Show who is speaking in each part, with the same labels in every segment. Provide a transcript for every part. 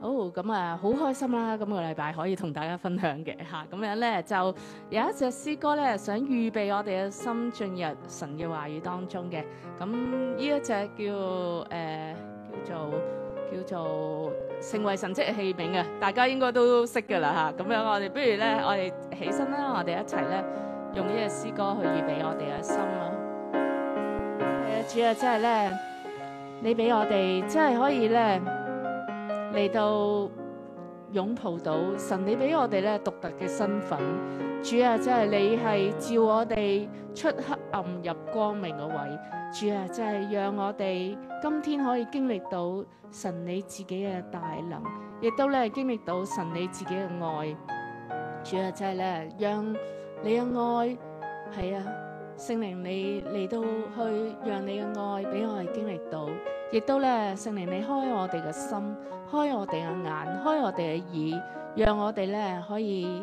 Speaker 1: 好咁啊，好、oh，開心啦！今個禮拜可以同大家分享嘅嚇，咁樣咧就有一隻詩歌咧，想預備我哋嘅心進入神嘅話語當中嘅。咁呢，一隻叫誒、呃、叫做叫做成為神跡嘅器皿啊，大家應該都識㗎啦嚇。咁樣我哋不如咧，我哋起身啦，我哋一齊咧用呢隻詩歌去預備我哋嘅心囉。誒主要、啊、真係咧，你俾我哋真係可以咧。嚟到擁抱到神你給，你俾我哋呢獨特嘅身份。主啊，就係你係照我哋出黑暗入光明嘅位。主啊，就係讓我哋今天可以經歷到神你自己嘅大能，亦都呢經歷到神你自己嘅愛。主啊，就係呢，讓你嘅愛係啊聖靈，你嚟到去讓你嘅愛俾我哋經歷到。亦都呢，聖靈你開我哋嘅心，開我哋嘅眼，開我哋嘅耳，讓我哋呢可以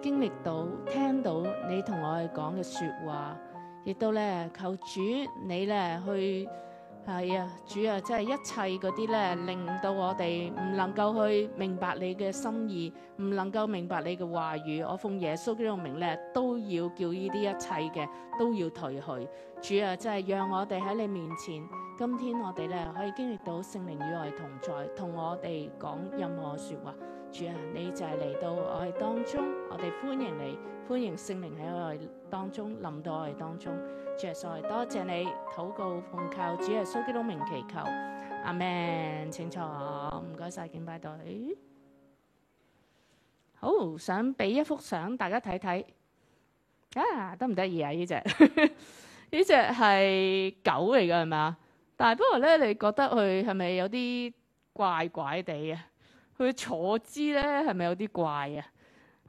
Speaker 1: 經歷到聽到你同我哋講嘅説話。亦都呢，求主你呢去係啊，主啊，即係一切嗰啲呢，令到我哋唔能夠去明白你嘅心意，唔能夠明白你嘅話語。我奉耶穌呢個名咧，都要叫呢啲一切嘅都要退去。主啊，即係讓我哋喺你面前。今天我哋咧可以經歷到聖靈與我哋同在，同我哋講任何說話，主啊，你就係嚟到我哋當中，我哋歡迎你，歡迎聖靈喺我哋當中臨到我哋當中。主啊，所以多謝你禱告奉靠，主耶穌基督的名祈求，阿門。請坐唔該晒，敬拜隊。好，想俾一幅相大家睇睇，啊，得唔得意啊？呢隻呢隻係狗嚟㗎係咪啊？但、啊、不過咧，你覺得佢係咪有啲怪怪地啊？佢坐姿咧係咪有啲怪啊？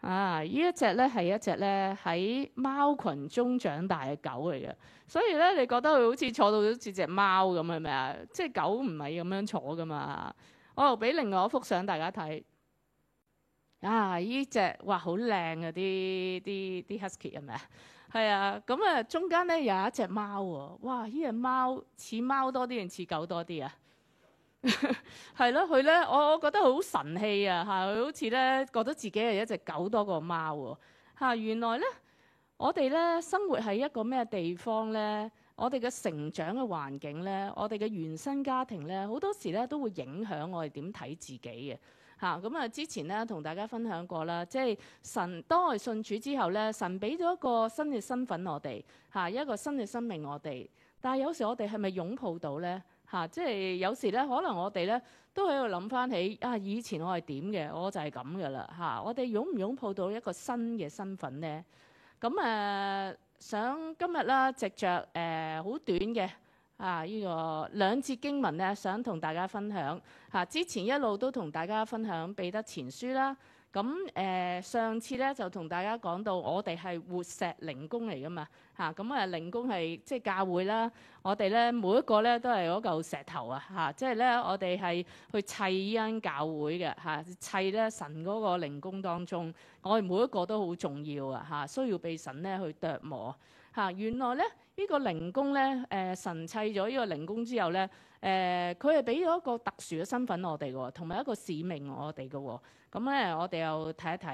Speaker 1: 啊，呢一隻咧係一隻咧喺貓群中長大嘅狗嚟嘅，所以咧你覺得佢好似坐到好似隻貓咁，係咪啊？即、就、係、是、狗唔係咁樣坐噶嘛？我又俾另外一幅相大家睇。啊，呢隻嘩好靚啊！啲啲啲 husky 係咪啊～係啊，咁啊、嗯、中間咧有一隻貓喎，哇！呢隻貓似貓多啲定似狗多啲啊？係 咯，佢咧我我覺得好神氣啊！佢好似咧覺得自己係一隻狗多過貓喎。原來咧，我哋咧生活喺一個咩地方咧？我哋嘅成長嘅環境咧，我哋嘅原生家庭咧，好多時咧都會影響我哋點睇自己嘅。嚇！咁啊，之前咧同大家分享過啦，即係神當我哋信主之後咧，神俾咗一個新嘅身份我哋，嚇、啊、一個新嘅生命我哋。但係有時我哋係咪擁抱到咧？嚇、啊！即係有時咧，可能我哋咧都喺度諗翻起啊，以前我係點嘅？我就係咁噶啦，嚇、啊！我哋擁唔擁抱到一個新嘅身份咧？咁、啊、誒，想今日啦，藉著誒好、呃、短嘅。啊！依、這個兩節經文咧，想同大家分享。嚇、啊，之前一路都同大家分享彼得前書啦。咁誒、呃，上次咧就同大家講到，我哋係活石靈宮嚟噶嘛。嚇、啊，咁啊靈宮係即係教會啦。我哋咧每一個咧都係嗰嚿石頭啊。嚇、啊，即係咧我哋係去砌恩教會嘅，嚇、啊，砌咧神嗰個靈宮當中，我哋每一個都好重要啊。嚇、啊，需要被神咧去琢磨。原來咧，這個、呢個靈宮咧，神賜咗呢個靈宮之後咧，誒佢係俾咗一個特殊嘅身份給我哋嘅，同埋一個使命我哋嘅。咁、哦、咧、嗯，我哋又睇一睇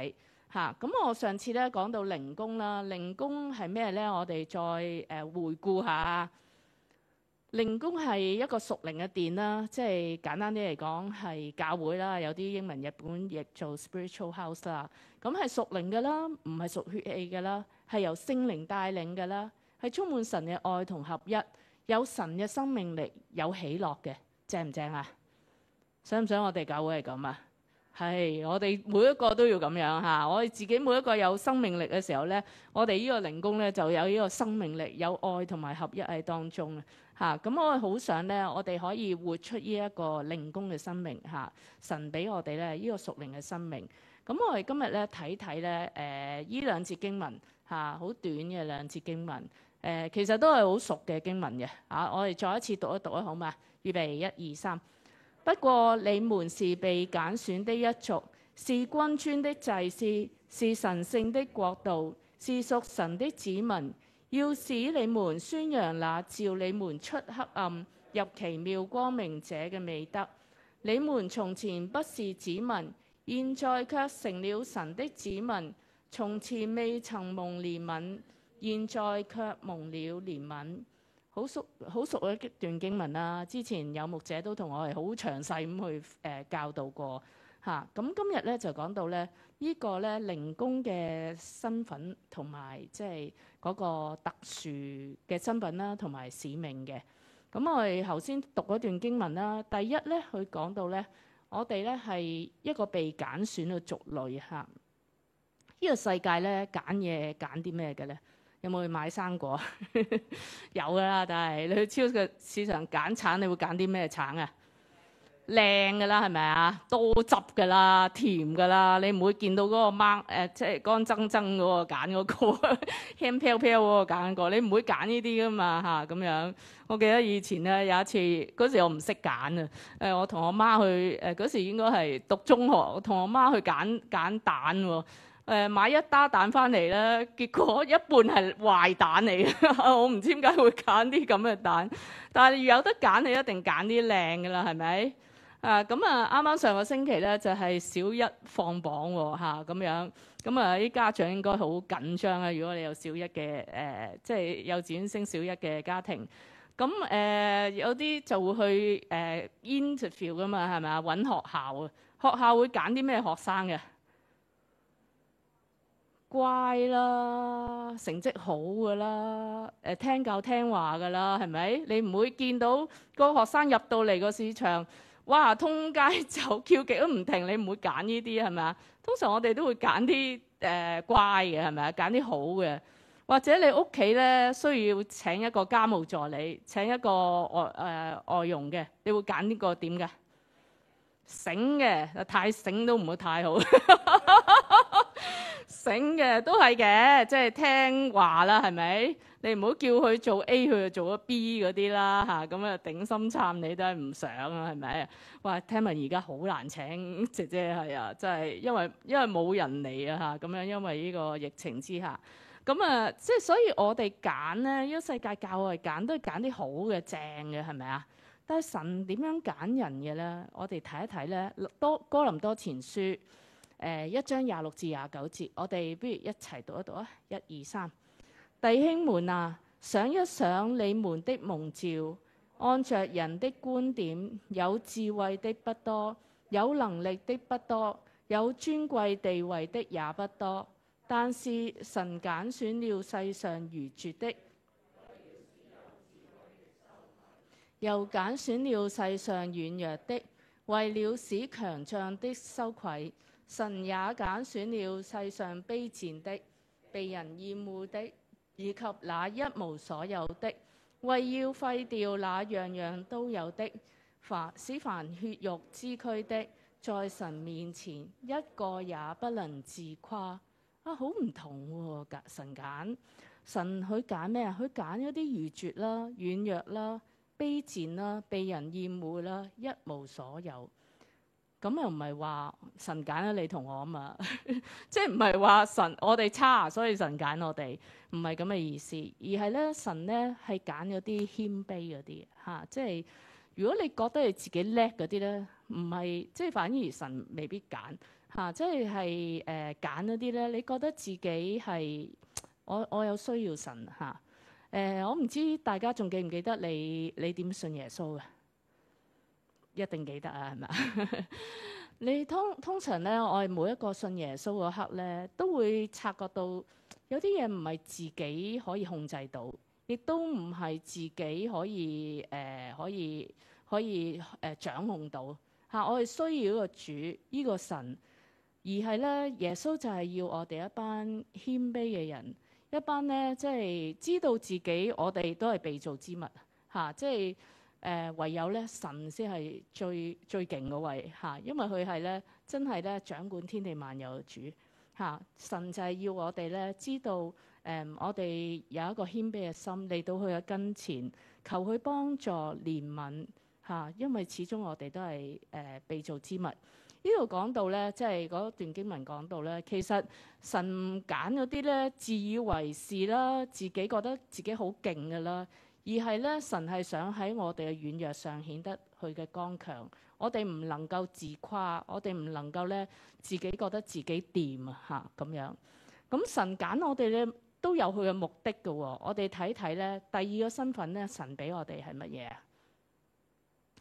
Speaker 1: 嚇。咁、啊嗯、我上次咧講到靈宮啦，靈宮係咩呢？我哋再誒、呃、回顧下。靈宮係一個屬靈嘅殿啦，即係簡單啲嚟講係教會啦，有啲英文、日本譯做 spiritual house 啦，咁係屬靈噶啦，唔係屬血氣噶啦，係由聖靈帶領噶啦，係充滿神嘅愛同合一，有神嘅生命力，有喜樂嘅，正唔正啊？想唔想我哋教會係咁啊？係、哎，我哋每一個都要咁樣嚇、啊。我哋自己每一個有生命力嘅時候咧，我哋呢個靈宮咧就有呢個生命力，有愛同埋合一喺當中嚇。咁、啊、我好想咧，我哋可以活出呢一個靈宮嘅生命嚇。神俾我哋咧呢個屬靈嘅生命。咁、啊、我哋、這個啊、今日咧睇睇咧誒呢兩節經文嚇，好、啊、短嘅兩節經文誒、啊，其實都係好熟嘅經文嘅嚇、啊。我哋再一次讀一讀啊，好嘛？預備一二三。1, 2, 不過你們是被揀選的一族，是君尊的祭司，是神聖的國度，是屬神的子民，要使你們宣揚那召你們出黑暗入奇妙光明者嘅美德。你們從前不是子民，現在卻成了神的子民；從前未曾蒙憐憫，現在卻蒙了憐憫。好熟好熟嘅一段經文啦、啊，之前有目者都同我哋好詳細咁去誒、呃、教導過嚇。咁、啊、今日咧就講到咧依、這個咧靈宮嘅身份同埋即係嗰個特殊嘅身份啦，同埋使命嘅。咁、啊、我哋頭先讀嗰段經文啦、啊，第一咧佢講到咧，我哋咧係一個被揀選嘅族類嚇。依、啊這個世界咧揀嘢揀啲咩嘅咧？有冇去買生果？ 有噶啦，但係你去超市場揀橙，你會揀啲咩橙啊？靚噶啦，係咪啊？多汁噶啦，甜噶啦，你唔會見到嗰個芒誒即係乾爭爭嗰個揀嗰個， 輕漂漂嗰個揀過，你唔會揀呢啲噶嘛嚇咁、啊、樣。我記得以前咧有一次，嗰時我唔識揀啊，誒、呃、我同我媽去誒嗰、呃、時應該係讀中學，同我，我媽去揀揀蛋喎。誒買一打蛋翻嚟咧，結果一半係壞蛋嚟， 我唔知點解會揀啲咁嘅蛋。但係有得揀，你一定揀啲靚㗎啦，係咪？啊咁啊，啱啱上個星期咧就係、是、小一放榜喎，嚇、啊、咁樣。咁啊，啲家長應該好緊張啊。如果你有小一嘅誒，即、呃就是、幼稚園升小一嘅家庭，咁、啊、誒有啲就會去誒、呃、interview 噶嘛，係咪啊？揾學校啊，學校會揀啲咩學生嘅？乖啦，成績好㗎啦，誒聽教聽話㗎啦，係咪？你唔會見到個學生入到嚟個市場，哇，通街就叫極都唔停，你唔會揀呢啲係咪啊？通常我哋都會揀啲誒乖嘅係咪啊？揀啲好嘅，或者你屋企咧需要請一個家務助理，請一個外誒、呃、外傭嘅，你會揀呢、這個點㗎？醒嘅，太醒都唔會太好。 醒嘅都係嘅，即係聽話啦，係咪？你唔好叫佢做 A，佢就做咗 B 嗰啲啦，吓咁啊，頂心撐你都係唔想啊，係咪？哇，聽聞而家好難請姐姐，係啊，真係因為因為冇人嚟啊，吓咁樣，因為呢個疫情之下，咁啊，即係所以我哋揀咧，呢個世界教我哋揀都係揀啲好嘅、正嘅，係咪啊？但係神點樣揀人嘅咧？我哋睇一睇咧，多哥林多前書。誒、呃、一章廿六至廿九節，我哋不如一齊讀一讀啊！一、二、三，弟兄們啊，想一想你們的蒙召。按着人的觀點，有智慧的不多，有能力的不多，有尊貴地位的也不多。但是神揀選了世上愚拙的，又揀選了世上軟弱的，為了使強壯的羞愧。神也揀選，選了世上卑賤的、被人厭惡的，以及那一無所有的，為要廢掉那樣樣都有的，凡使凡血肉之軀的，在神面前一個也不能自誇。啊，好唔同喎、啊！神揀，神去揀咩啊？去揀一啲愚拙啦、軟弱啦、卑賤啦、被人厭惡啦、一無所有。咁又唔係話神揀咗你同我啊嘛， 即係唔係話神我哋差，所以神揀我哋，唔係咁嘅意思，而係咧神咧係揀咗啲謙卑嗰啲嚇，即係如果你覺得你自己叻嗰啲咧，唔係即係反而神未必揀嚇，即係係誒揀嗰啲咧，你覺得自己係我我有需要神嚇，誒、呃、我唔知大家仲記唔記得你你點信耶穌嘅？一定記得啊，係咪？ 你通通常咧，我哋每一個信耶穌嗰刻咧，都會察覺到有啲嘢唔係自己可以控制到，亦都唔係自己可以誒、呃、可以可以誒、呃、掌控到嚇、啊。我哋需要個主呢、呢個神，而係咧耶穌就係要我哋一班謙卑嘅人，一班咧即係知道自己我哋都係被造之物嚇，即、啊、係。就係誒唯有咧神先係最最勁嗰位嚇、啊，因為佢係咧真係咧掌管天地萬有嘅主嚇、啊。神就係要我哋咧知道誒、嗯，我哋有一個謙卑嘅心，嚟到佢嘅跟前求佢幫助憐憫。嚇、啊，因為始終我哋都係誒被造之物。呢度講到咧，即係嗰段經文講到咧，其實神揀嗰啲咧自以為是啦，自己覺得自己好勁㗎啦。而係咧，神係想喺我哋嘅軟弱上顯得佢嘅剛強。我哋唔能夠自誇，我哋唔能夠咧自己覺得自己掂啊嚇咁樣。咁、嗯、神揀我哋咧都有佢嘅目的嘅、哦。我哋睇睇咧第二個身份咧，神俾我哋係乜嘢？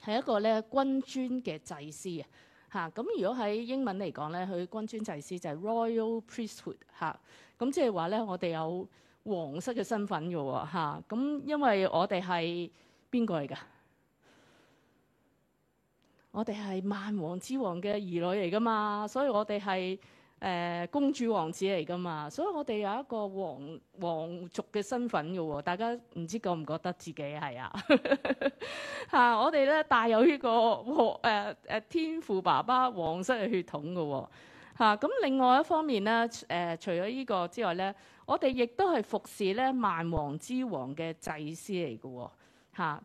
Speaker 1: 係一個咧君尊嘅祭司啊嚇。咁、嗯、如果喺英文嚟講咧，佢君尊祭司就係 Royal Priesthood 嚇。咁、嗯、即係話咧，我哋有。皇室嘅身份嘅喎，咁因為我哋係邊個嚟噶？我哋係萬王之王嘅兒女嚟噶嘛，所以我哋係誒公主王子嚟噶嘛，所以我哋有一個皇皇族嘅身份嘅喎。大家唔知覺唔覺得自己係 啊？嚇，我哋咧帶有呢個皇誒、呃、天父爸爸皇室嘅血統嘅喎。咁另外一方面咧，誒、呃、除咗呢個之外咧，我哋亦都係服侍咧萬王之王嘅祭司嚟嘅喎，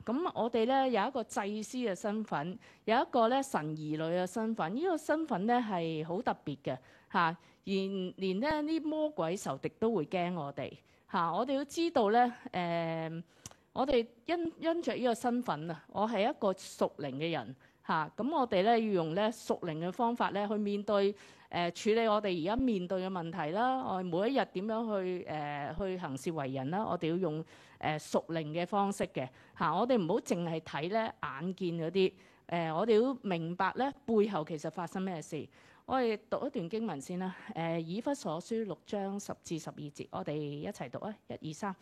Speaker 1: 咁、啊、我哋咧有一個祭司嘅身份，有一個咧神兒女嘅身份，呢、這個身份咧係好特別嘅嚇，連連咧啲魔鬼仇敵都會驚我哋嚇、啊。我哋要知道咧，誒、呃、我哋因因著呢個身份個啊，我係一個屬靈嘅人嚇，咁我哋咧要用咧屬靈嘅方法咧去面對。誒、呃、處理我哋而家面對嘅問題啦，我哋每一日點樣去誒、呃、去行事為人啦？我哋要用誒、呃、屬靈嘅方式嘅嚇，我哋唔好淨係睇咧眼見嗰啲誒，我哋要明白咧背後其實發生咩事。我哋讀一段經文先啦。誒、呃、以弗所書六章十至十二節，我哋一齊讀啊！一、二、三，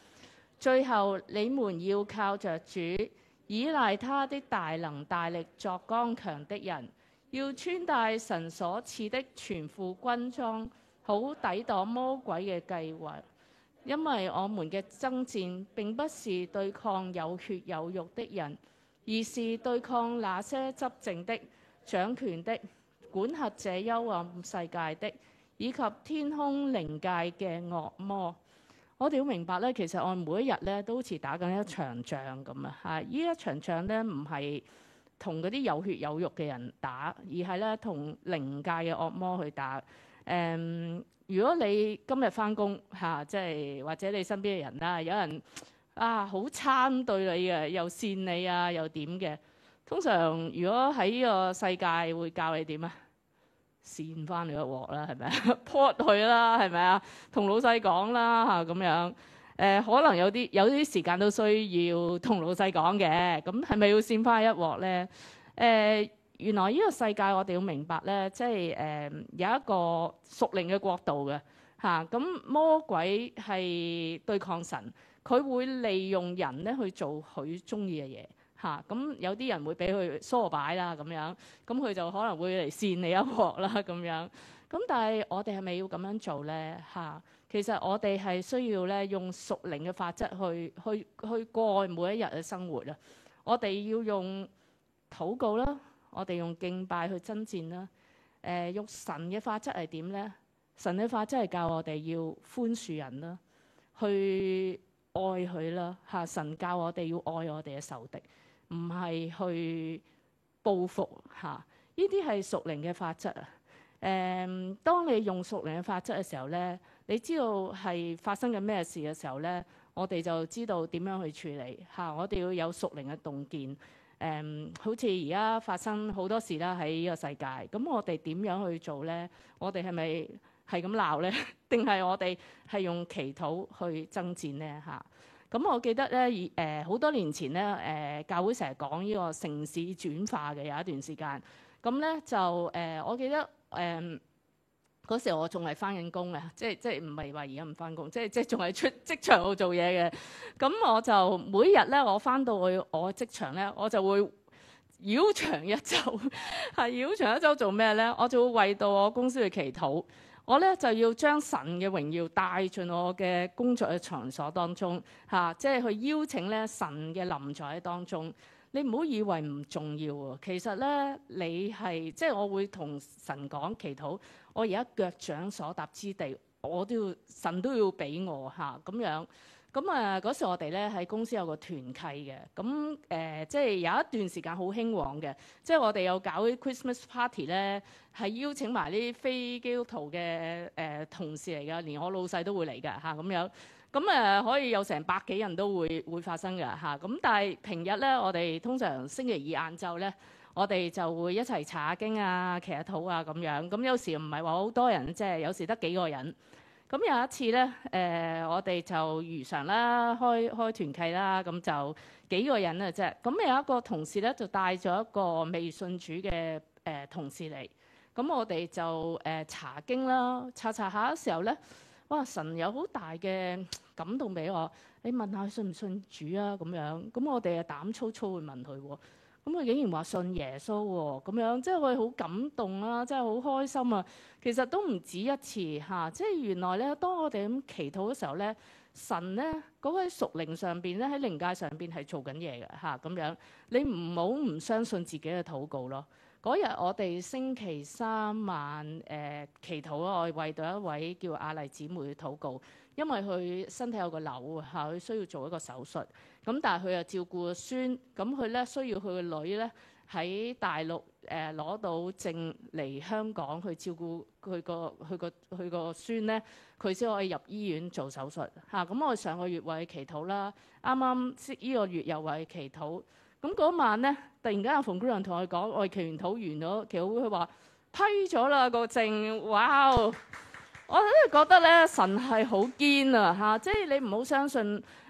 Speaker 1: 最後你們要靠着主，依賴他的大能大力作剛強的人。要穿戴神所賜的全副軍裝，好抵擋魔鬼嘅計劃，因為我們嘅爭戰並不是對抗有血有肉的人，而是對抗那些執政的、掌權的、管轄者幽暗世界的，以及天空靈界嘅惡魔。我哋要明白咧，其實我每一日咧都好似打緊一場仗咁啊！呢一場仗咧，唔係。同嗰啲有血有肉嘅人打，而係咧同靈界嘅惡魔去打。誒、嗯，如果你今日翻工嚇，即係或者你身邊嘅人啦，有人啊好差對你嘅，又扇你啊又點嘅，通常如果喺呢個世界會教你點 啊？扇翻你一鍋啦，係咪啊 p 佢啦，係咪啊？同老細講啦嚇，咁樣。誒、呃、可能有啲有啲時間都需要同老細講嘅，咁係咪要扇翻一鑊咧？誒、呃、原來呢個世界我哋要明白咧，即係誒、呃、有一個屬靈嘅國度嘅，嚇、啊、咁、嗯、魔鬼係對抗神，佢會利用人咧去做佢中意嘅嘢，嚇、啊、咁、嗯嗯、有啲人會俾佢梳擺啦咁樣，咁、嗯、佢就可能會嚟扇你一鑊啦咁樣。咁、嗯、但係我哋係咪要咁樣做呢？嚇、啊，其實我哋係需要咧用屬靈嘅法則去去去過每一日嘅生活啊！我哋要用禱告啦、啊，我哋用敬拜去爭戰啦。誒、呃，用神嘅法則係點呢？神嘅法則係教我哋要寬恕人啦、啊，去愛佢啦、啊。嚇、啊，神教我哋要愛我哋嘅仇敵，唔係去報復嚇。呢啲係屬靈嘅法則啊！誒、嗯，當你用屬靈嘅法則嘅時候咧，你知道係發生緊咩事嘅時候咧，我哋就知道點樣去處理嚇、啊。我哋要有屬靈嘅洞見。誒、嗯，好似而家發生好多事啦，喺呢個世界。咁我哋點樣去做咧？我哋係咪係咁鬧咧？定 係我哋係用祈禱去爭戰咧嚇？咁、啊、我記得咧，以、呃、好多年前咧，誒、呃、教會成日講呢個城市轉化嘅有一段時間。咁咧就誒、呃，我記得。誒嗰、嗯、時我仲係翻緊工嘅，即係即係唔係話而家唔翻工，即係即係仲係出職場度做嘢嘅。咁我就每日咧，我翻到去我職場咧，我就會繞場一周。係繞場一周做咩咧？我就會為到我公司去祈禱。我咧就要將神嘅榮耀帶進我嘅工作嘅場所當中，嚇、啊，即係去邀請咧神嘅臨在當中。你唔好以為唔重要喎、哦，其實咧你係即係我會同神講祈禱，我而家腳掌所踏之地，我都要，神都要俾我嚇咁、啊、樣。咁啊，嗰時我哋咧喺公司有個團契嘅，咁誒、呃、即係有一段時間好興旺嘅，即係我哋有搞啲 Christmas party 咧，係邀請埋啲非基督徒嘅誒、呃、同事嚟噶，連我老細都會嚟噶嚇咁樣，咁啊、嗯、可以有成百幾人都會會發生㗎嚇，咁但係平日咧，我哋通常星期二晏晝咧，我哋就會一齊查下經啊、祈下禱啊咁樣，咁有時唔係話好多人，即係有時得幾個人。咁有一次咧，誒、呃、我哋就如常啦，開開團契啦，咁就幾個人啊啫。咁有一個同事咧，就帶咗一個未信主嘅誒、呃、同事嚟。咁我哋就誒、呃、查經啦，查查下嘅時候咧，哇！神有好大嘅感動俾我，你問下信唔信主啊？咁樣。咁我哋啊膽粗粗會問佢、哦。咁佢、嗯、竟然話信耶穌喎、哦，咁樣即係我哋好感動啦、啊，即係好開心啊。其實都唔止一次嚇、啊，即係原來咧，當我哋咁祈禱嘅時候咧，神咧嗰位屬靈上邊咧，喺靈界上邊係做緊嘢嘅嚇，咁樣。你唔好唔相信自己嘅禱告咯。嗰日我哋星期三晚誒、呃、祈禱咯，我為到一位叫阿麗姊妹禱告。因為佢身體有個瘤啊，佢需要做一個手術。咁但係佢又照顧個孫，咁佢咧需要佢個女咧喺大陸誒攞到證嚟香港去照顧佢個佢個佢個孫咧，佢先可以入醫院做手術嚇。咁、啊、我上個月為佢祈禱啦，啱啱呢依個月又為佢祈禱。咁嗰晚咧，突然間阿馮姑娘同我講：我祈禱完禱完咗，祈禱會佢話批咗啦個證，哇、哦！我咧覺得咧神係好堅啊嚇，即係你唔好相信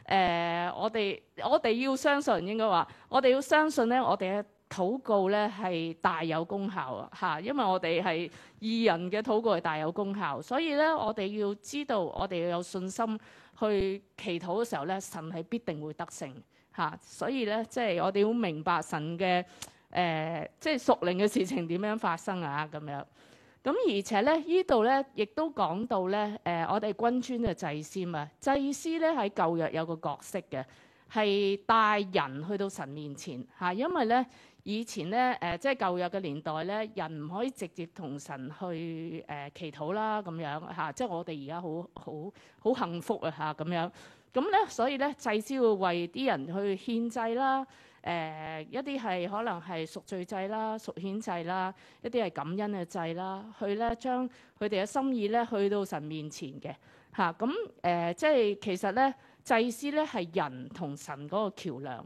Speaker 1: 誒，我哋我哋要相信應該話，我哋要相信咧，我哋嘅禱告咧係大有功效啊嚇，因為我哋係義人嘅禱告係大有功效，所以咧我哋要知道我哋要有信心去祈禱嘅時候咧，神係必定會得勝嚇，所以咧即係我哋要明白神嘅誒、呃，即係屬靈嘅事情點樣發生啊咁樣。咁而且咧，呢度咧亦都講到咧，誒、呃、我哋君尊嘅祭司啊，祭司咧喺舊約有個角色嘅，係帶人去到神面前嚇、啊，因為咧以前咧誒即係舊約嘅年代咧，人唔可以直接同神去誒祈禱啦咁樣嚇、啊，即係我哋而家好好好幸福啊嚇咁樣，咁咧所以咧祭司會為啲人去獻祭啦。誒、呃、一啲係可能係贖罪祭啦、贖愆祭啦，一啲係感恩嘅祭啦，去咧將佢哋嘅心意咧去到神面前嘅嚇。咁、啊、誒、嗯呃、即係其實咧祭司咧係人同神嗰個橋梁。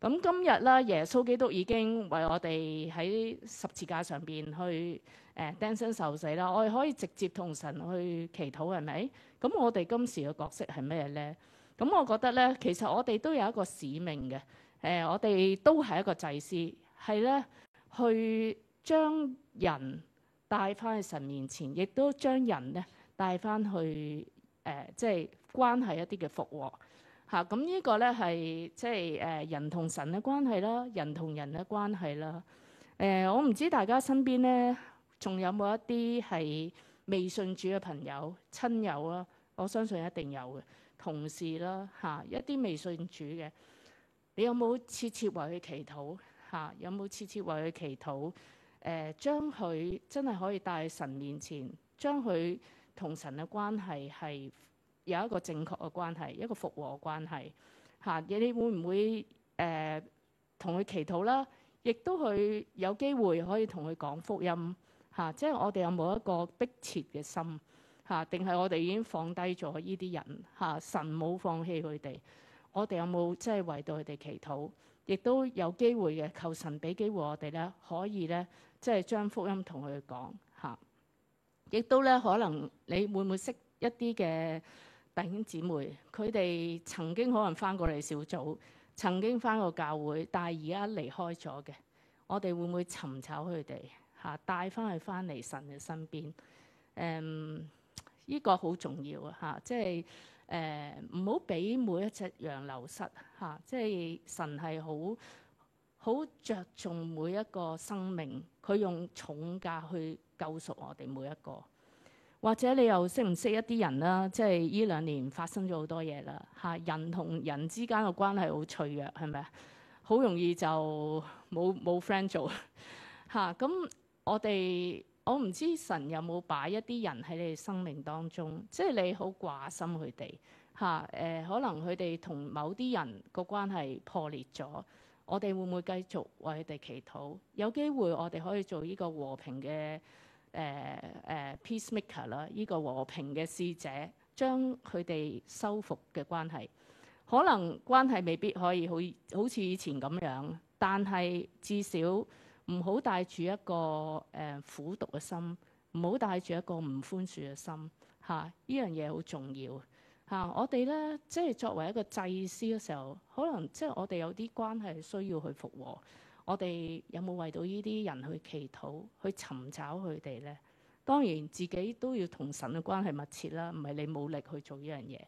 Speaker 1: 咁、嗯、今日咧耶穌基督已經為我哋喺十字架上邊去誒釘身受死啦，我哋可以直接同神去祈禱係咪？咁、嗯、我哋今時嘅角色係咩咧？咁、嗯、我覺得咧，其實我哋都有一個使命嘅。誒、呃，我哋都係一個祭司，係咧去將人帶翻去神面前，亦都將人咧帶翻去誒、呃，即係關係一啲嘅復和嚇。咁、啊嗯這個、呢個咧係即係誒、呃、人同神嘅關係啦，人同人嘅關係啦。誒、呃，我唔知大家身邊咧仲有冇一啲係未信主嘅朋友、親友啦，我相信一定有嘅，同事啦嚇、啊，一啲未信主嘅。你有冇切切為佢祈禱？嚇、啊，有冇切切為佢祈禱？誒、呃，將佢真係可以帶去神面前，將佢同神嘅關係係有一個正確嘅關係，一個復和嘅關係。嚇、啊，你會唔會誒同佢祈禱啦？亦都去有機會可以同佢講福音。嚇、啊，即係我哋有冇一個迫切嘅心？嚇、啊，定係我哋已經放低咗呢啲人？嚇、啊，神冇放棄佢哋。我哋有冇即係為到佢哋祈禱，亦都有機會嘅。求神俾機會我哋咧，可以咧，即係將福音同佢哋講嚇。亦都咧，可能你會唔會識一啲嘅弟兄姊妹，佢哋曾經可能翻過嚟小組，曾經翻過教會，但係而家離開咗嘅。我哋會唔會尋找佢哋嚇，帶翻去翻嚟神嘅身邊？誒、嗯，呢個好重要啊嚇，即係。誒，唔好俾每一隻羊流失嚇、啊，即係神係好好著重每一個生命，佢用重價去救贖我哋每一個。或者你又識唔識一啲人啦、啊？即係呢兩年發生咗好多嘢啦嚇，人同人之間嘅關係好脆弱係咪啊？好容易就冇冇 friend 做嚇。咁、啊、我哋。我唔知神有冇把一啲人喺你哋生命當中，即係你好掛心佢哋吓、誒，可能佢哋同某啲人個關係破裂咗，我哋會唔會繼續為佢哋祈禱，有機會我哋可以做呢個和平嘅、誒誒、呃、呃、peacemaker 啦，呢個和平嘅使者，將佢哋修復嘅關係，可能關係未必可以好好似以前咁樣，但係至少。唔好帶住一個誒、呃、苦毒嘅心，唔好帶住一個唔寬恕嘅心嚇。呢樣嘢好重要嚇、啊。我哋咧即係作為一個祭司嘅時候，可能即係我哋有啲關係需要去復和，我哋有冇為到呢啲人去祈禱、去尋找佢哋咧？當然自己都要同神嘅關係密切啦，唔係你冇力去做呢樣嘢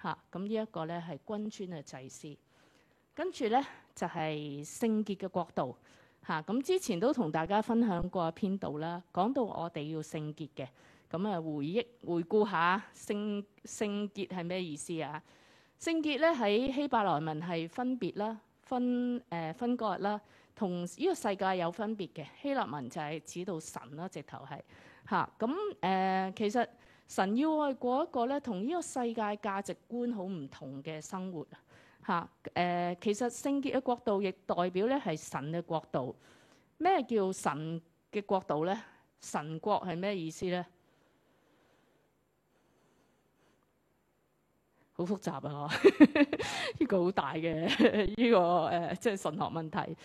Speaker 1: 嚇。咁、啊、呢、嗯、一個咧係君尊嘅祭司，跟住咧就係聖潔嘅國度。嚇！咁、啊、之前都同大家分享過一篇道啦，講到我哋要聖潔嘅，咁啊回憶回顧下聖聖潔係咩意思啊？聖潔咧喺希伯來文係分別啦，分誒、呃、分割啦，同呢個世界有分別嘅。希臘文就係指到神啦、啊，直頭係嚇。咁、啊、誒、嗯呃、其實神要我哋過一個咧同呢個世界價值觀好唔同嘅生活。嚇誒、啊，其實聖潔嘅國度亦代表咧係神嘅國度。咩叫神嘅國度咧？神國係咩意思咧？好複雜啊！呢 個好大嘅呢、 呢個誒，即、呃、係、就是、神學問題。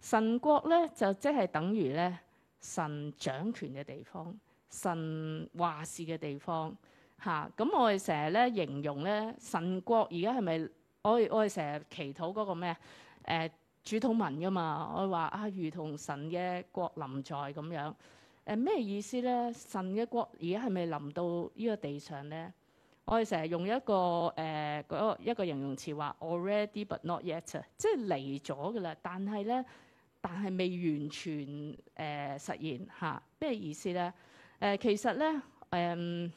Speaker 1: 神國咧就即係等於咧神掌權嘅地方，神話事嘅地方。嚇、啊、咁我哋成日咧形容咧神國，而家係咪？我我哋成日祈禱嗰個咩啊、呃？主禱文噶嘛？我話啊，如同神嘅國臨在咁樣。誒、呃、咩意思咧？神嘅國而家係咪臨到呢個地上咧？我哋成日用一個誒、呃、一個形容詞話，already but not yet 即係嚟咗噶啦，但係咧，但係未完全誒、呃、實現吓，咩、啊、意思咧？誒、呃、其實咧，誒、呃、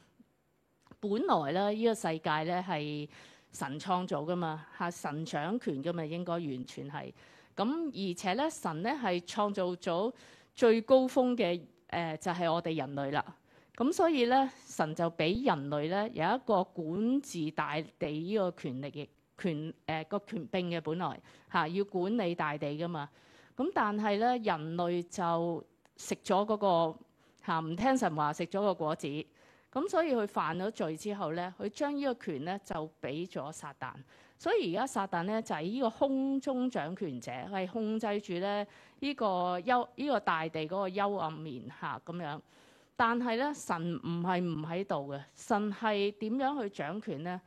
Speaker 1: 本來咧呢、呢個世界咧係，神創造㗎嘛嚇，神掌權㗎嘛，應該完全係。咁而且咧，神咧係創造咗最高峰嘅誒、呃，就係、是、我哋人類啦。咁所以咧，神就俾人類咧有一個管治大地呢個權力嘅權誒個、呃、權柄嘅本來嚇、啊，要管理大地㗎嘛。咁但係咧，人類就食咗嗰個唔、啊、聽神話，食咗個果子。咁所以佢犯咗罪之後呢，佢將呢個權呢就俾咗撒旦。所以而家撒旦呢，就係呢個空中掌權者，係控制住咧呢個幽呢個大地嗰個幽暗面下咁樣。但係呢，神唔係唔喺度嘅，神係點樣去掌權呢？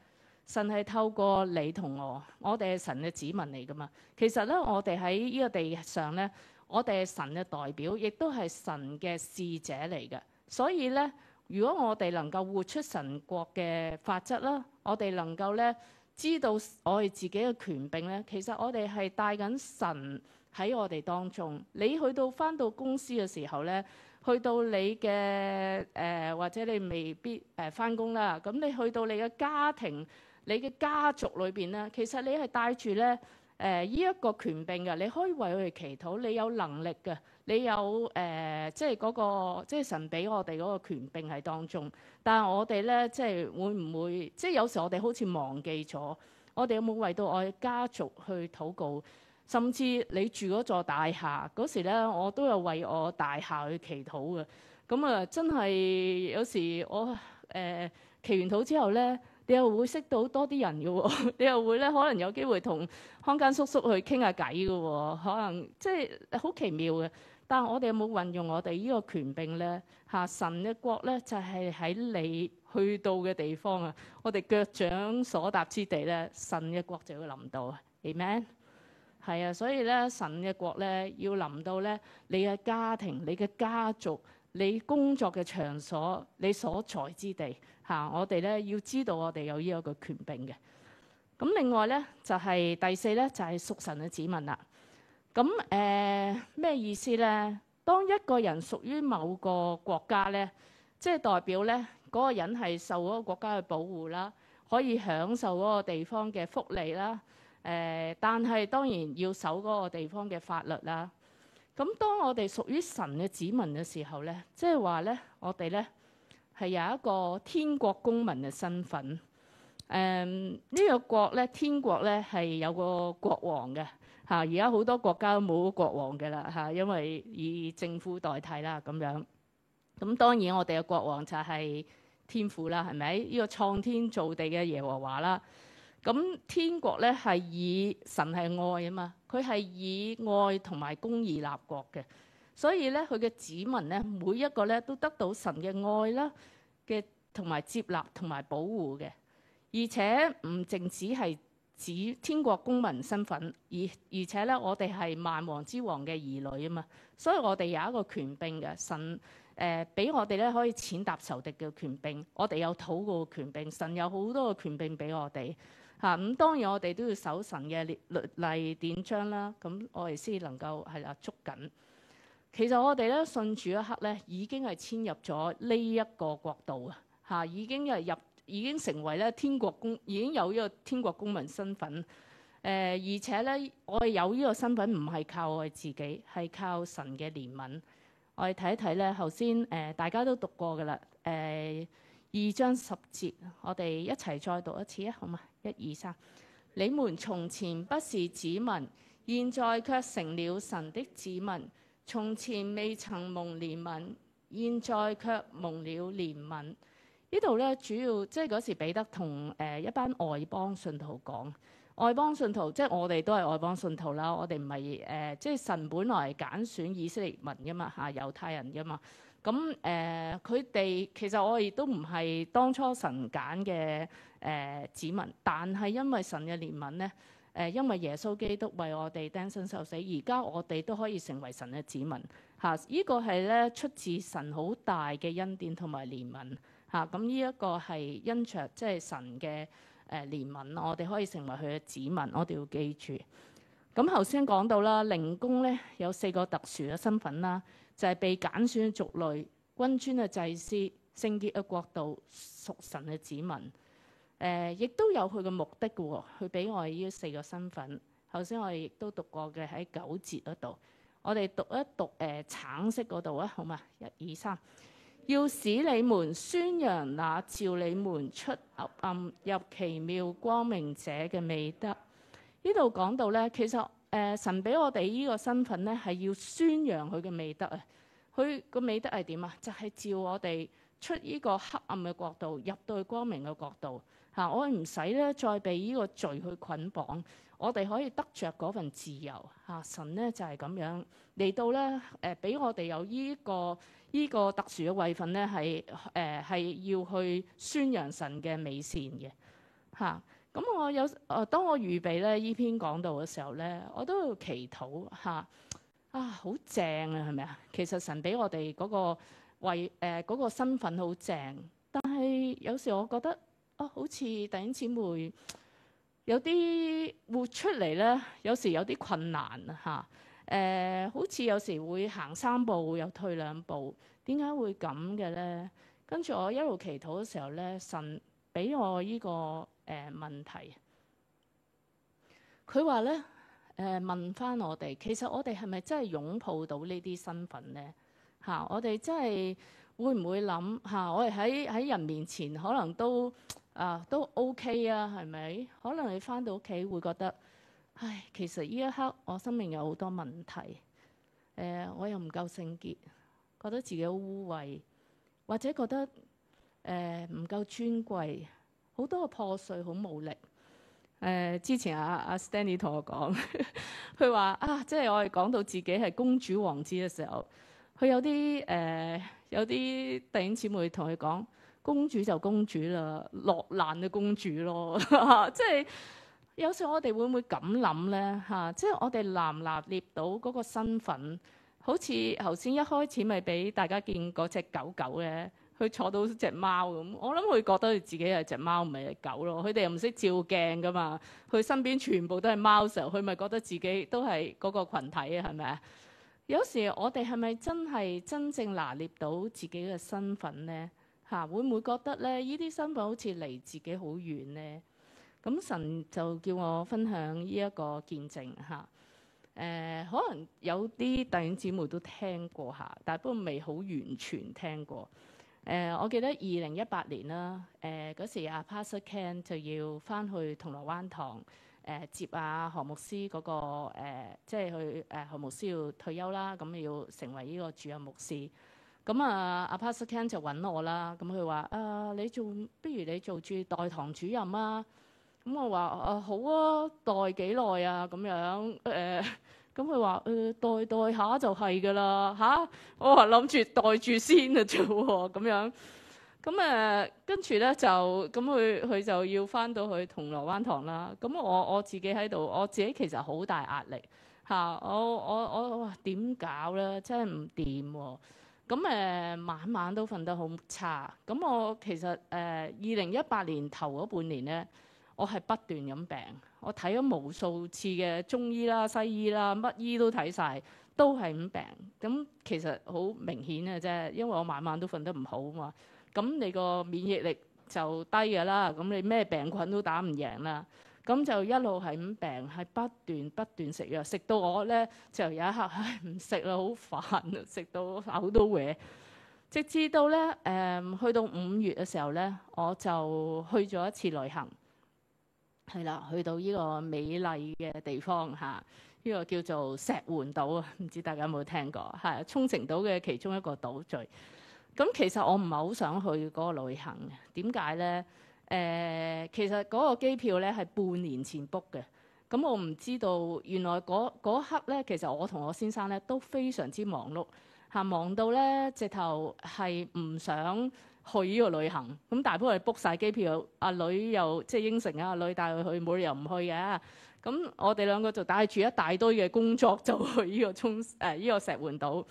Speaker 1: 神係透過你同我，我哋係神嘅子民嚟噶嘛。其實呢，我哋喺呢個地上呢，我哋係神嘅代表，亦都係神嘅使者嚟嘅，所以呢。如果我哋能夠活出神國嘅法則啦，我哋能夠咧知道我哋自己嘅權柄咧，其實我哋係帶緊神喺我哋當中。你去到翻到公司嘅時候呢，去到你嘅誒、呃、或者你未必誒翻工啦，咁、呃、你去到你嘅家庭、你嘅家族裏邊呢，其實你係帶住呢。誒，依、呃、一個權柄嘅，你可以為佢哋祈禱，你有能力嘅，你有誒、呃，即係嗰、那個、即係神俾我哋嗰個權柄喺當中。但係我哋咧，即係會唔會，即係有時我哋好似忘記咗，我哋有冇為到我嘅家族去禱告？甚至你住嗰座大廈嗰時咧，我都有為我大廈去祈禱嘅。咁、嗯、啊、呃，真係有時我誒、呃、祈完禱之後咧。你又會識到多啲人嘅喎、哦，你又會呢可能有機會同康間叔叔去傾下偈嘅喎，可能即係好奇妙嘅。但我哋有冇運用我哋呢個權柄呢？啊、神嘅國呢就係、是、喺你去到嘅地方啊！我哋腳掌所踏之地呢，神嘅國就要臨到。Amen。係啊，所以呢，神嘅國呢，要臨到呢，你嘅家庭、你嘅家族、你工作嘅場所、你所在之地。吓、啊！我哋咧要知道我哋有呢一個權柄嘅。咁另外咧就係、是、第四咧就係、是、屬神嘅子民啦。咁誒咩意思咧？當一個人屬於某個國家咧，即係代表咧嗰、那個人係受嗰個國家嘅保護啦，可以享受嗰個地方嘅福利啦。誒、呃，但係當然要守嗰個地方嘅法律啦。咁當我哋屬於神嘅子民嘅時候咧，即係話咧我哋咧。係有一個天國公民嘅身份。誒、嗯、呢、呢個國咧，天國咧係有個國王嘅嚇。而家好多國家都冇國王嘅啦嚇，因為以政府代替啦咁樣。咁、嗯、當然我哋嘅國王就係天父啦，係咪？呢、呢個創天造地嘅耶和華啦。咁、嗯、天國咧係以神係愛啊嘛，佢係以愛同埋公義立國嘅。所以咧，佢嘅子民咧，每一個咧都得到神嘅愛啦嘅，同埋接納同埋保護嘅。而且唔淨止係指天國公民身份，而而且咧，我哋係萬王之王嘅兒女啊嘛。所以我哋有一個權柄嘅神誒，俾、呃、我哋咧可以踐踏仇敵嘅權柄，我哋有禱告權柄，神有好多嘅權柄俾我哋嚇。咁、啊、當然我哋都要守神嘅律例、例典章啦。咁我哋先能夠係啊捉緊。其實我哋咧信主一刻咧，已經係遷入咗呢一個國度啊！嚇，已經係入已經成為咧天國公已經有呢個天國公民身份。誒、呃，而且咧我哋有呢個身份，唔係靠我哋自己，係靠神嘅憐憫。我哋睇一睇咧，頭先誒大家都讀過㗎啦。誒、呃、二章十節，我哋一齊再讀一次啊！好嘛，一、二、三，你們從前不是子民，現在卻成了神的子民。從前未曾蒙憐憫，現在卻蒙了憐憫。呢度咧主要即係嗰時彼得同誒一班外邦信徒講，外邦信徒即係我哋都係外邦信徒啦。我哋唔係誒，即係神本來揀選以色列民噶嘛，嚇、啊、猶太人噶嘛。咁誒佢哋其實我亦都唔係當初神揀嘅誒子民，但係因為神嘅憐憫咧。因為耶穌基督為我哋釘身受死，而家我哋都可以成為神嘅子民嚇。依、啊這個係出自神好大嘅恩典同埋憐憫。咁依一個係恩賜，即係神嘅誒憐憫。我哋可以成為佢嘅子民，我哋要記住。咁頭先講到啦，靈宮咧有四個特殊嘅身份啦，就係、是、被揀選族類、君尊嘅祭司、聖潔嘅國度、屬神嘅子民。誒，亦、呃、都有佢嘅目的嘅。佢俾我哋呢四個身份，頭先我哋亦都讀過嘅喺九節嗰度。我哋讀一讀誒、呃、橙色嗰度啊，好嘛？一、二、三，要使你們宣揚那照你們出暗入奇妙光明者嘅美德。呢度講到呢，其實誒、呃、神俾我哋呢個身份呢，係要宣揚佢嘅美德啊。佢個美德係點啊？就係、是、照我哋出呢個黑暗嘅角度，入到去光明嘅角度。嚇、啊！我唔使咧，再被呢個罪去捆綁、啊。我哋可以得着嗰份自由嚇、啊。神咧就係、是、咁樣嚟到咧，誒、呃、俾我哋有呢、這個依、這個特殊嘅位份咧，係誒係要去宣揚、嗯、神嘅美善嘅嚇。咁、啊、我有誒、啊，當我預備咧呢篇講道嘅時候咧，我都祈禱嚇啊，好、啊、正啊，係咪啊？其實神俾我哋嗰、那個那個位誒嗰、呃那個身份好正，但係有時我覺得，好似弟兄姊妹有啲活出嚟咧，有時有啲困難吓。誒、呃，好似有時會行三步又退兩步，點解會咁嘅咧？跟住我一路祈禱嘅時候咧，神俾我依、這個誒、呃、問題，佢話咧誒問翻我哋，其實我哋係咪真係擁抱到呢啲身份咧？吓，我哋真係會唔會諗吓？我哋喺喺人面前可能都。啊，都 OK 啊，係咪？可能你翻到屋企會覺得，唉，其實呢一刻我生命有好多問題。誒、呃，我又唔夠聖潔，覺得自己好污穢，或者覺得誒唔、呃、夠尊貴，好多破碎好無力。誒、呃，之前阿、啊、阿、啊、Stanley 同我講，佢 話啊，即係我哋講到自己係公主王子嘅時候，佢有啲誒、呃、有啲弟兄姊妹同佢講。公主就公主啦，落難嘅公主咯， 即係有時我哋會唔會咁諗呢？嚇、啊，即係我哋拿唔拿捏到嗰個身份，好似頭先一開始咪俾大家見嗰隻狗狗嘅，佢坐到隻貓咁，我諗佢覺得自己係隻貓，唔係隻狗咯。佢哋又唔識照鏡噶嘛，佢身邊全部都係貓嘅時候，佢咪覺得自己都係嗰個羣體啊？係咪啊？有時我哋係咪真係真正拿捏到自己嘅身份呢？嚇、啊、會唔會覺得咧？呢啲身份好似離自己好遠呢？咁、啊、神就叫我分享呢一個見證嚇。誒、啊呃、可能有啲弟兄姊妹都聽過嚇，但不過未好完全聽過。誒、啊、我記得二零一八年啦。誒、啊、嗰時阿、啊、Pastor Ken 就要翻去銅鑼灣堂誒、啊、接阿、啊、何牧師嗰、那個、啊、即係去誒、啊、何牧師要退休啦，咁、啊、要成為呢個主任牧師。咁啊，阿 Pastor Ken 就揾我啦。咁佢話：誒、啊，你做不如你做住代堂主任啊？咁、嗯、我話：誒、啊，好啊，代幾耐啊？咁樣誒，咁佢話：誒、嗯，代代下就係㗎啦，嚇！我話諗住代住先、嗯、啊，做喎，咁樣咁誒，跟住咧就咁，佢佢就要翻到去銅鑼灣堂啦。咁、嗯、我我自己喺度，我自己其實好大壓力嚇、啊。我我我話點搞咧？真係唔掂喎！咁誒晚晚都瞓得好差，咁我其實誒二零一八年頭嗰半年呢，我係不斷咁病，我睇咗無數次嘅中醫啦、西醫啦、乜醫都睇晒，都係咁病。咁其實好明顯嘅啫，因為我晚晚都瞓得唔好啊嘛。咁你個免疫力就低㗎啦，咁你咩病菌都打唔贏啦。咁就一路係咁病，係不斷不斷食藥，食到我咧就有一刻唉唔食啦，好煩啊！食到嘔都嘢。直至到咧誒、嗯、去到五月嘅時候咧，我就去咗一次旅行，係啦，去到呢個美麗嘅地方嚇，呢、啊呢個叫做石垣島，唔知大家有冇聽過？係沖繩島嘅其中一個島嶼。咁其實我唔係好想去嗰個旅行嘅，點解咧？誒、呃，其實嗰個機票咧係半年前 book 嘅，咁、嗯、我唔知道原來嗰刻咧，其實我同我先生咧都非常之忙碌嚇、啊，忙到咧直頭係唔想去呢個旅行。咁、嗯、大埔係 book 晒機票，阿、啊、女又即係應承阿、啊、女帶佢去，冇理由唔去嘅。咁、嗯、我哋兩個就帶住一大堆嘅工作就去呢個沖誒呢個石門島。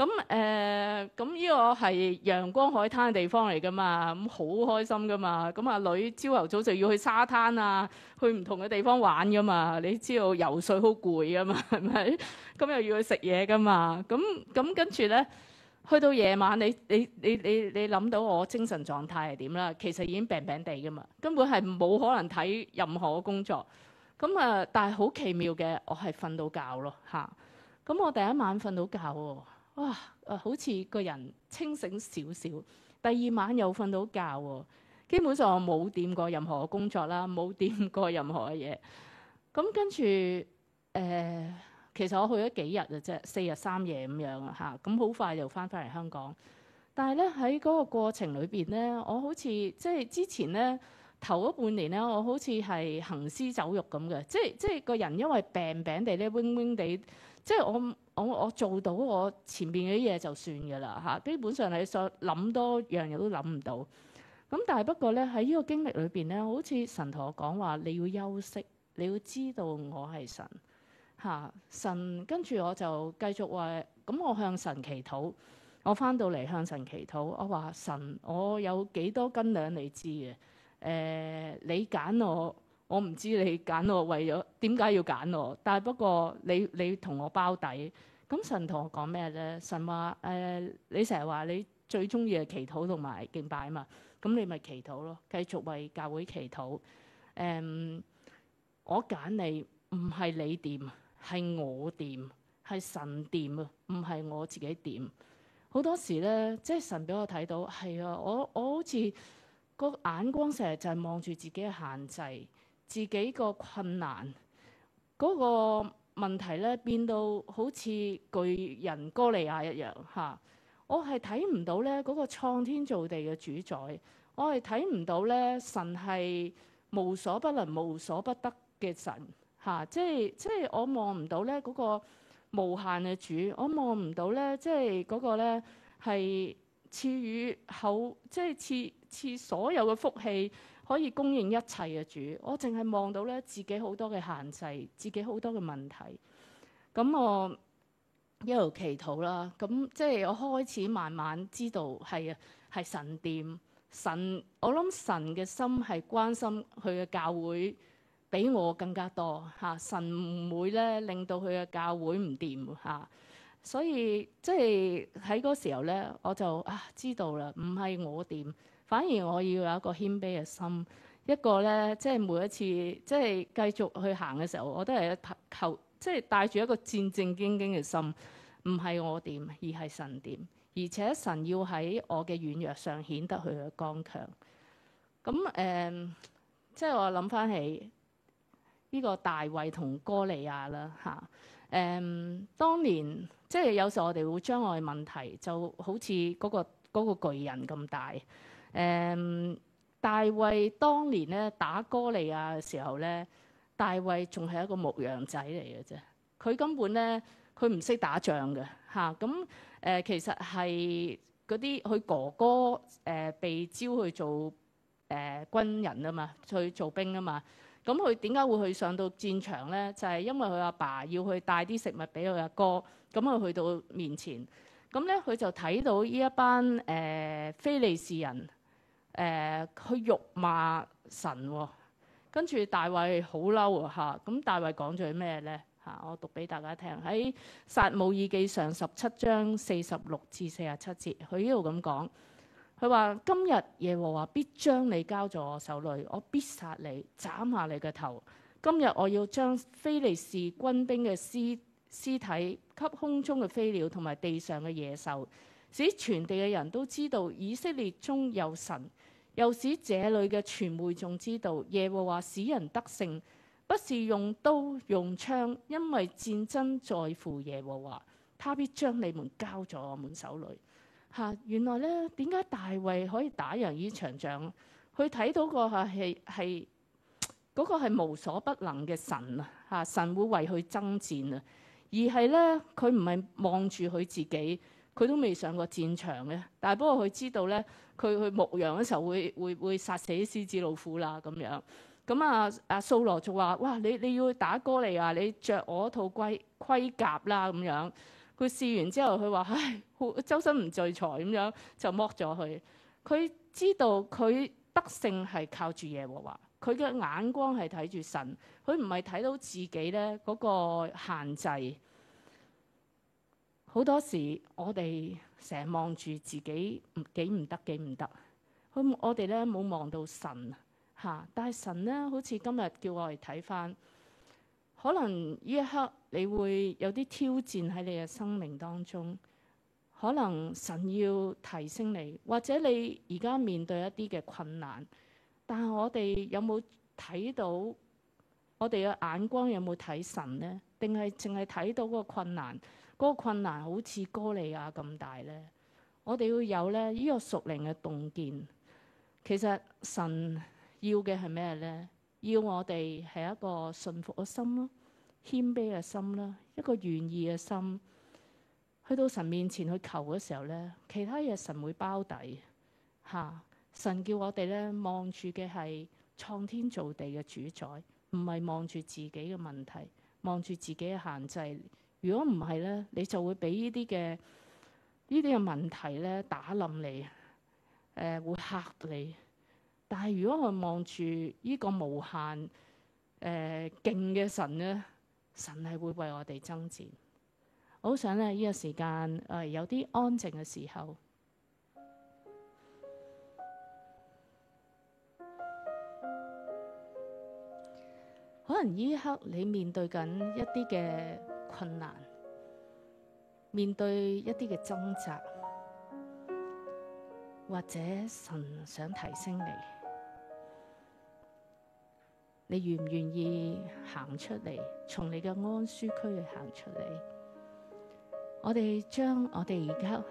Speaker 1: 咁誒咁呢個係陽光海灘嘅地方嚟噶嘛？咁、嗯、好開心噶嘛？咁、嗯、阿女朝頭早就要去沙灘啊，去唔同嘅地方玩噶嘛？你知道游水好攰噶嘛？係咪，咁又要去食嘢噶嘛？咁、嗯、咁、嗯、跟住咧，去到夜晚，你你你你你諗到我精神狀態係點啦？其實已經病病地噶嘛，根本係冇可能睇任何嘅工作。咁、嗯、啊、嗯，但係好奇妙嘅，我係瞓到覺咯嚇。咁、啊、我第一晚瞓到覺喎。哇！誒、呃，好似個人清醒少少，第二晚又瞓到覺喎、哦。基本上我冇掂過任何嘅工作啦，冇掂過任何嘅嘢。咁、嗯、跟住誒、呃，其實我去咗幾日即啫，四日三夜咁樣吓。咁、啊、好、嗯、快又翻返嚟香港。但係咧，喺嗰個過程裏邊咧，我好似即係之前咧頭嗰半年咧，我好似係行屍走肉咁嘅。即係即係個人因為病病地咧，wing wing 地，即係我。我做到我前面嗰啲嘢就算嘅啦，嚇、啊！基本上你想諗多樣嘢都諗唔到。咁但係不過咧，喺呢個經歷裏邊咧，好似神同我講話，你要休息，你要知道我係神嚇、啊。神跟住我就繼續話，咁我向神祈禱，我返到嚟向神祈禱，我話神，我有幾多斤兩你知嘅？誒、呃，你揀我，我唔知你揀我為咗點解要揀我，但係不過你你同我包底。咁神同我講咩咧？神話誒、呃，你成日話你最中意係祈禱同埋敬拜嘛？咁你咪祈禱咯，繼續為教會祈禱。誒、嗯，我揀你唔係你掂，係我掂，係神掂啊，唔係我自己掂。好多時咧，即係神俾我睇到係啊，我我好似個眼光成日就係望住自己嘅限制，自己個困難嗰、那個。問題咧變到好似巨人哥利亞一樣嚇、啊，我係睇唔到咧嗰、那個創天造地嘅主宰，我係睇唔到咧神係無所不能、無所不得嘅神嚇、啊，即係即係我望唔到咧嗰、那個無限嘅主，我望唔到咧即係嗰個咧係賜予口，即係賜賜所有嘅福氣。可以供應一切嘅主，我淨係望到咧自己好多嘅限制，自己好多嘅問題。咁我一路祈禱啦，咁即係我開始慢慢知道係係神掂，神我諗神嘅心係關心佢嘅教會比我更加多吓，啊，神唔會咧令到佢嘅教會唔掂吓。所以即係喺嗰時候咧，我就啊知道啦，唔係我掂。反而我要有一個謙卑嘅心，一個咧，即係每一次即係繼續去行嘅時候，我都係求即係帶住一個戰戰兢兢嘅心，唔係我點而係神點，而且神要喺我嘅軟弱上顯得佢嘅剛強。咁誒、嗯，即係我諗翻起呢、這個大衛同哥利亞啦嚇誒，當年即係有時我哋會將我嘅問題就好似嗰、那個嗰、那個巨人咁大。誒、嗯，大衛當年咧打哥利亞嘅時候咧，大衛仲係一個牧羊仔嚟嘅啫。佢根本咧，佢唔識打仗嘅嚇。咁誒、嗯，其實係嗰啲佢哥哥誒、嗯、被招去做誒、呃、軍人啊嘛，去做兵啊嘛。咁佢點解會去上到戰場咧？就係、是、因為佢阿爸要去帶啲食物俾佢阿哥，咁、嗯、佢、嗯、去到面前，咁咧佢就睇到呢一班誒、呃、非利士人。誒，佢、呃、辱罵神、哦，跟住大衛好嬲啊！咁大衛講咗咩呢？嚇、啊啊啊啊，我讀俾大家聽喺撒母耳記上十七章四十六至四十七節，佢呢度咁講，佢話：今日耶和華必將你交在我手裏，我必殺你，斬下你嘅頭。今日我要將非利士軍兵嘅屍屍體給空中嘅飛鳥同埋地上嘅野獸，使全地嘅人都知道以色列中有神。又使這裏嘅全會眾知道，耶和華使人得勝，不是用刀用槍，因為戰爭在乎耶和華，他必將你們交咗我們手裏。吓，原來咧，點解大衛可以打贏呢場仗呢？佢睇到、個吓係係嗰個係無所不能嘅神啊！吓，神會為佢爭戰啊，而係咧，佢唔係望住佢自己。佢都未上過戰場嘅，但係不過佢知道咧，佢去牧羊嘅時候會會會殺死獅子老虎啦咁樣。咁、嗯、啊阿掃羅就話：哇！你你要打哥利亞，你着我套盔盔甲啦咁樣。佢試完之後，佢話：唉，周身唔聚財咁樣，就剝咗佢。佢知道佢得勝係靠住耶和華，佢嘅眼光係睇住神，佢唔係睇到自己咧嗰、那個限制。好多時我哋成日望住自己幾唔得幾唔得咁，我哋咧冇望到神吓，啊。但係神咧，好似今日叫我哋睇翻，可能呢一刻你會有啲挑戰喺你嘅生命當中。可能神要提升你，或者你而家面對一啲嘅困難，但係我哋有冇睇到我哋嘅眼光，有冇睇神咧？定係淨係睇到個困難？嗰個困難好似哥利亞咁大呢，我哋要有呢呢個熟靈嘅洞見。其實神要嘅係咩呢？要我哋係一個信服嘅心啦，謙卑嘅心啦，一個願意嘅心。去到神面前去求嘅時候呢，其他嘢神會包底嚇。神叫我哋呢，望住嘅係創天造地嘅主宰，唔係望住自己嘅問題，望住自己嘅限制。如果唔係呢，你就會俾呢啲嘅呢啲問題咧打冧你，誒、呃、會吓你。但係如果我望住呢個無限誒勁嘅神呢，神係會為我哋征戰。我好想咧呢、這個時間、呃、有啲安靜嘅時候，可能呢一刻你面對緊一啲嘅。困難，面對一啲嘅掙扎，或者神想提升你，你願唔願意行出嚟，從你嘅安舒區去行出嚟？我哋將我哋而家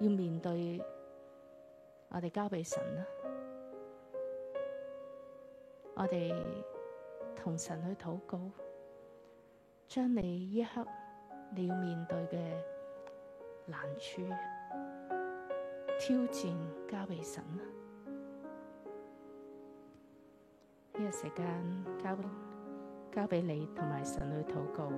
Speaker 1: 要面對我，我哋交俾神啦，我哋同神去禱告。將你這一刻你要面對嘅難處、挑戰交俾神啦，呢、這個時間交交俾你同埋神去禱告。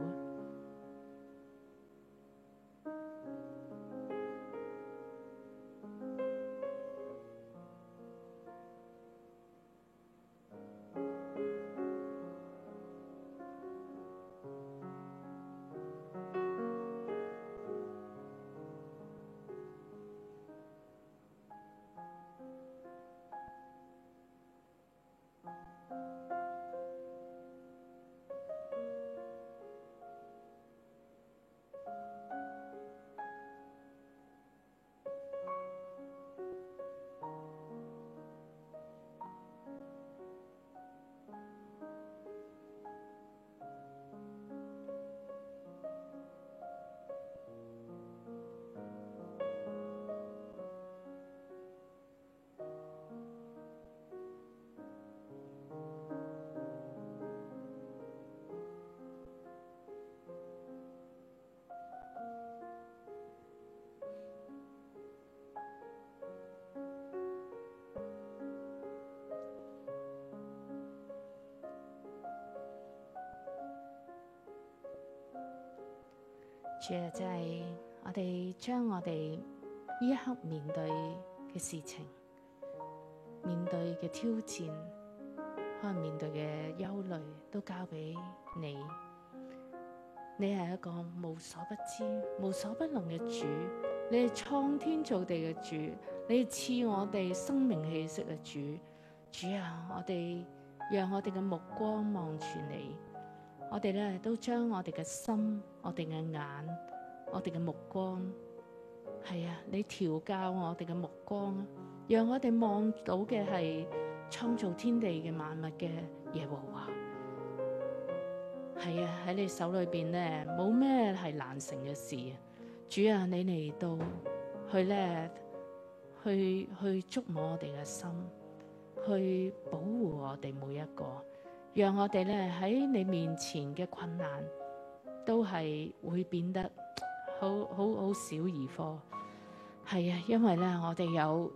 Speaker 1: 主啊，就係我哋將我哋呢一刻面對嘅事情、面對嘅挑戰、可能面對嘅憂慮，都交俾你。你係一個無所不知、無所不能嘅主，你係創天造地嘅主，你係賜我哋生命氣息嘅主。主啊，我哋讓我哋嘅目光望住你。我哋咧都將我哋嘅心、我哋嘅眼、我哋嘅目光，係啊，你調教我哋嘅目光，讓我哋望到嘅係創造天地嘅萬物嘅耶和華。係啊，喺你手裏邊咧，冇咩係難成嘅事。主啊，你嚟到去咧，去呢，去，去觸摸我哋嘅心，去保護我哋每一個。讓我哋咧喺你面前嘅困難，都係會變得好好好小兒科。係啊，因為咧我哋有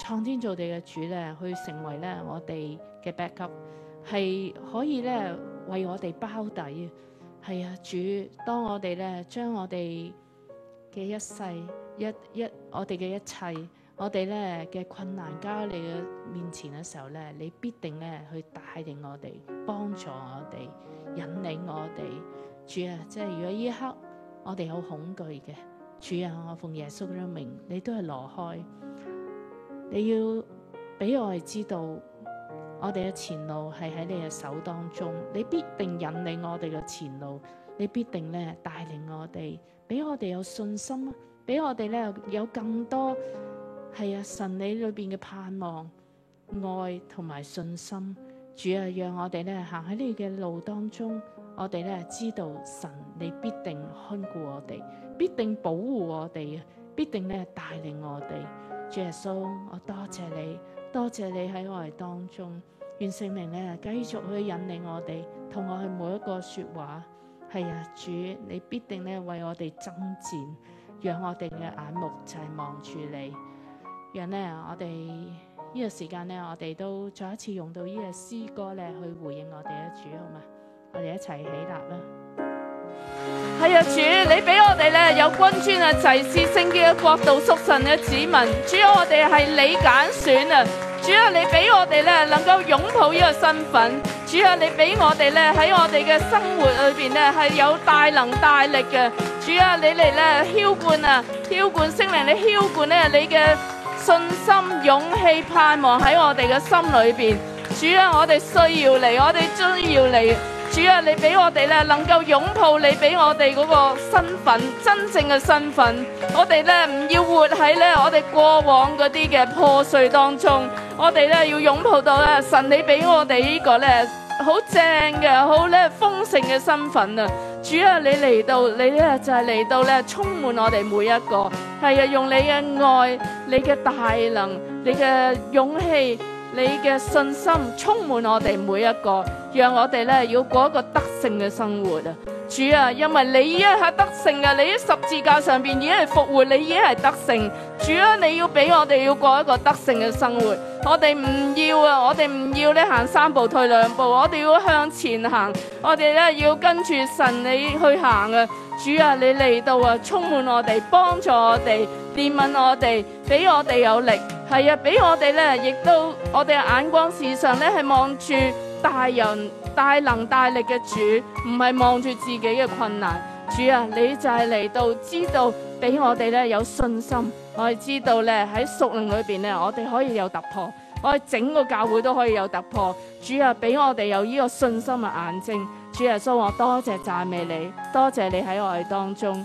Speaker 1: 創天造地嘅主咧，去成為咧我哋嘅 backup，係可以咧為我哋包底啊。係啊，主，當我哋咧將我哋嘅一世一一我哋嘅一切，我哋咧嘅困難交喺你嘅面前嘅時候咧，你必定咧去帶領我哋，幫助我哋，引領我哋。主啊，即係如果呢一刻我哋好恐懼嘅，主啊，我奉耶穌嘅名，你都係挪開，你要俾我哋知道，我哋嘅前路係喺你嘅手當中，你必定引領我哋嘅前路，你必定咧帶領我哋，俾我哋有信心，俾我哋咧有更多。係啊，神你裏邊嘅盼望、愛同埋信心，主啊，讓我哋咧行喺呢嘅路當中，我哋咧知道神你必定看顧我哋，必定保護我哋，必定咧帶領我哋。主耶穌，我多謝你，多謝你喺我哋當中，願聖靈咧繼續去引領我哋，同我去每一個說話。係啊，主你必定咧為我哋爭戰，讓我哋嘅眼目就係望住你。嘅咧，我哋呢個時間咧，我哋都再一次用到呢個詩歌咧，去回應我哋嘅主，好嘛？我哋一齊起立啦！係啊，主，你俾我哋咧有君尊啊、祭司、聖潔嘅國度、屬神嘅子民。主啊，我哋係你揀選啊！主啊，你俾我哋咧能夠擁抱呢個身份。主啊，你俾我哋咧喺我哋嘅生活裏邊咧係有大能大力嘅。主啊，你嚟咧，澆灌啊，澆灌聖靈，你澆灌咧，你嘅。信心、勇氣、盼望喺我哋嘅心裏面。主啊，我哋需要你，我哋需要你。主啊，你畀我哋咧，能夠擁抱你畀我哋嗰個身份，真正嘅身份。我哋咧唔要活喺咧我哋過往嗰啲嘅破碎當中。我哋咧要擁抱到咧神，你畀我哋呢個咧好正嘅，好咧豐盛嘅身份啊！主啊，你嚟到，你咧就係嚟到咧，充滿我哋每一個，係啊，用你嘅愛。你嘅大能，你嘅勇氣，你嘅信心，充滿我哋每一個，讓我哋咧要過一個得勝嘅生活啊！主啊，因為你已經係得勝嘅，你喺十字架上面已經係復活，你已經係得勝。主啊，你要俾我哋要過一個得勝嘅生活，我哋唔要啊，我哋唔要你行三步退兩步，我哋要向前行，我哋呢，要跟住神你去行啊！主啊，你嚟到啊，充滿我哋，幫助我哋。憐憫我哋，俾我哋有力，係啊，俾我哋呢，亦都我哋眼光時常呢，係望住大人、大能、大力嘅主，唔係望住自己嘅困難。主啊，你就係嚟到知道俾我哋呢有信心，我哋知道呢，喺屬靈裏面呢，我哋可以有突破，我哋整個教會都可以有突破。主啊，俾我哋有呢個信心嘅眼睛。主啊，耶穌我多謝讚美你，多謝你喺我哋當中。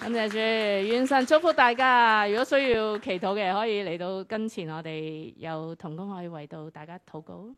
Speaker 1: 感謝主，願神祝福大家，如果需要祈禱嘅，可以嚟到跟前，我哋有同工可以為到大家禱告。